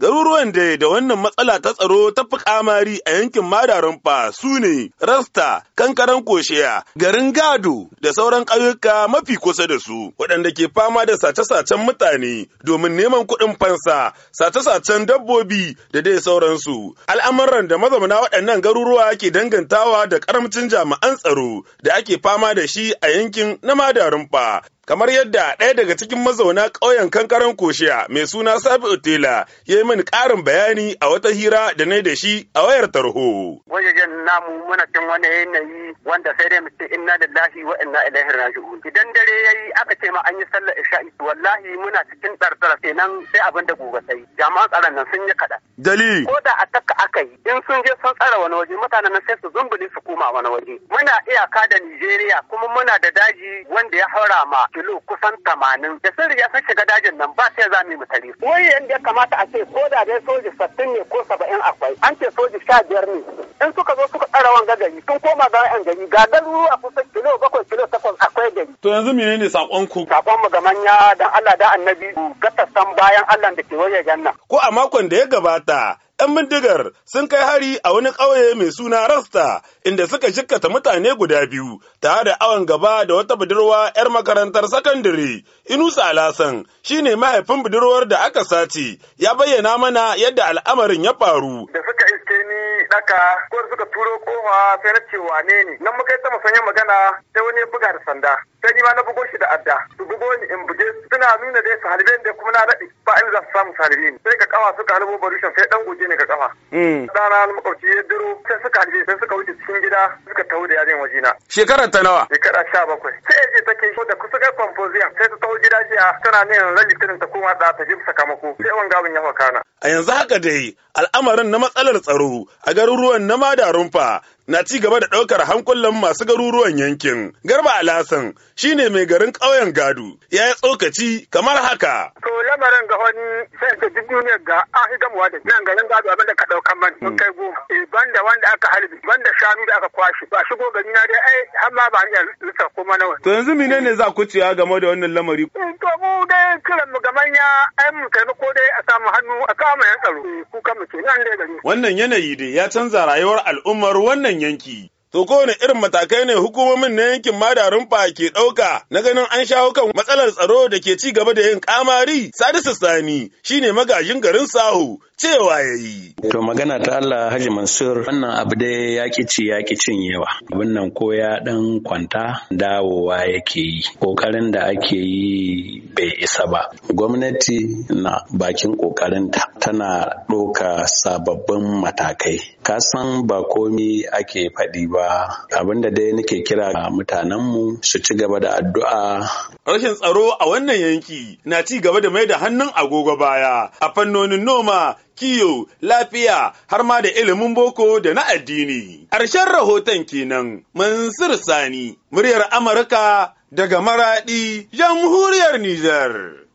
Garuruwan da da wannan matsala ta tsaro ta fi kamari a yankin madarumfa fa su ne Rasta, Kankaran Koshiya, garin Gado da sauran ƙauyuka mafi kusa da su, waɗanda ke fama da sace-sacen mutane domin neman kuɗin fansa, sace-sacen dabbobi da dai sauransu. Al'amuran da mazauna waɗannan garuruwa ke dangantawa da ƙaramcin jami'an tsaro da ake fama da shi a yankin na Madarin fa kamar yadda ɗaya daga cikin mazauna ƙauyen kankaran koshiya mai suna sabi'u tela ya yi min ƙarin bayani a wata hira da na da shi a wayar tarho. namu muna cin wani yanayi wanda sai dai mutum inna inna lahi wa inna ilaihi raji'un idan dare yayi aka ce ma an yi sallar isha'i wallahi muna cikin tsartsar kenan sai abin da gobe sai jama'an tsaron nan sun yi kada dali ko da takka aka yi in sun je sun tsara wani waje mutanen nan sai su zumbuli su koma wani waje muna iyaka da Nigeria kuma muna da daji wanda ya haura ma kilo kusan tamanin. da sun riga sun shiga dajin nan ba sai za mu yi mu tare wai yanda ya kamata a ce ko da dai soji 60 ne ko saba'in akwai an ce soji biyar ne in suka zo tsara wanga tun koma ga yan gari ga a kusa kilo bakwai kilo takwas akwai gari. To yanzu ne sakon ku? Sakon mu ga manya dan Allah da annabi gatassan bayan Allah da ke waje janna. Ko a makon da ya gabata 'yan bindigar sun kai hari a wani ƙauye mai suna Rasta inda suka jikkata mutane guda biyu tare da awon gaba da wata budurwa 'yar makarantar sakandare Inusa Alasan ne mahaifin budurwar da aka sace ya bayyana mana yadda al'amarin ya faru. Da suka iske ni ɗaka suka turo kofa sai na ce wane ne nan muka yi ta sanya magana sai wani buga da sanda sai ni ma na bugo shi da adda su bugo ni in buge suna nuna dai salibe halbe da kuma na daɗe ba inda za su samu salibe ne sai ka kawa suka halbo barushin sai dan goje ne ka kafa. Dana mm. na makwabci ya duro sai suka halibe sai suka wuce cikin gida suka taho da yarin wajena. shekara ta nawa? Shekara sha bakwai. Sai je take da kusa ga kwamfoziyan sai ta taho gida jiya tana ne rage tunin ta koma da ta jib sakamako sai wani gabin ya fakana. A yanzu haka dai al'amarin na matsalar tsaro a garuruwan Namada rumfa na ci gaba da ɗaukar hankulan masu garuruwan yankin. Garba shi ne mai garin ƙauyen Gadu ya yi tsokaci kamar haka. To lamarin ga wani sai ka duk duniyar ga a gamuwa da nan garin Gadu abinda ka ɗauka man mun kai goma. Hmm. Eh, banda wanda aka halibi banda shanu da aka kwashi ba shigo gari na dai ai har ma ba hanyar lissa kuma wani. To yanzu menene za ku ciya game da wannan lamari? Eh, to mu dai kiran mu ga manya ai mu taimako dai a samu tsaro kama ke nan da gari wannan yanayi dai ya canza rayuwar al'ummar wannan yanki To kowane irin matakai ne hukumomin na yankin Mada rumfa ke ɗauka na ganin an shawo kan matsalar tsaro da ke ci gaba da yin kamari Sadisu Sani shine magajin garin Sahu cewa ya yi. To magana ta Allah Haji Mansur wannan abu dai ya ci ya cinyewa. Abin nan ko ya ɗan kwanta dawowa yake yi. Ƙoƙarin da ake yi bai isa ba. Gwamnati na bakin ƙoƙarinta tana ɗoka sababbin matakai. Ka san ba komi ake faɗi ba. Abin da dai nake kira ga mutanenmu su ci gaba da addu'a. Rashin tsaro a wannan yanki na ci gaba da mai da hannun agogo baya a fannonin noma kiyo, lafiya, har ma da ilimin boko da na addini. Ƙarshen rahoton kenan, Mansur Sani, muryar Amurka daga Maraɗi, jamhuriyar Nijar.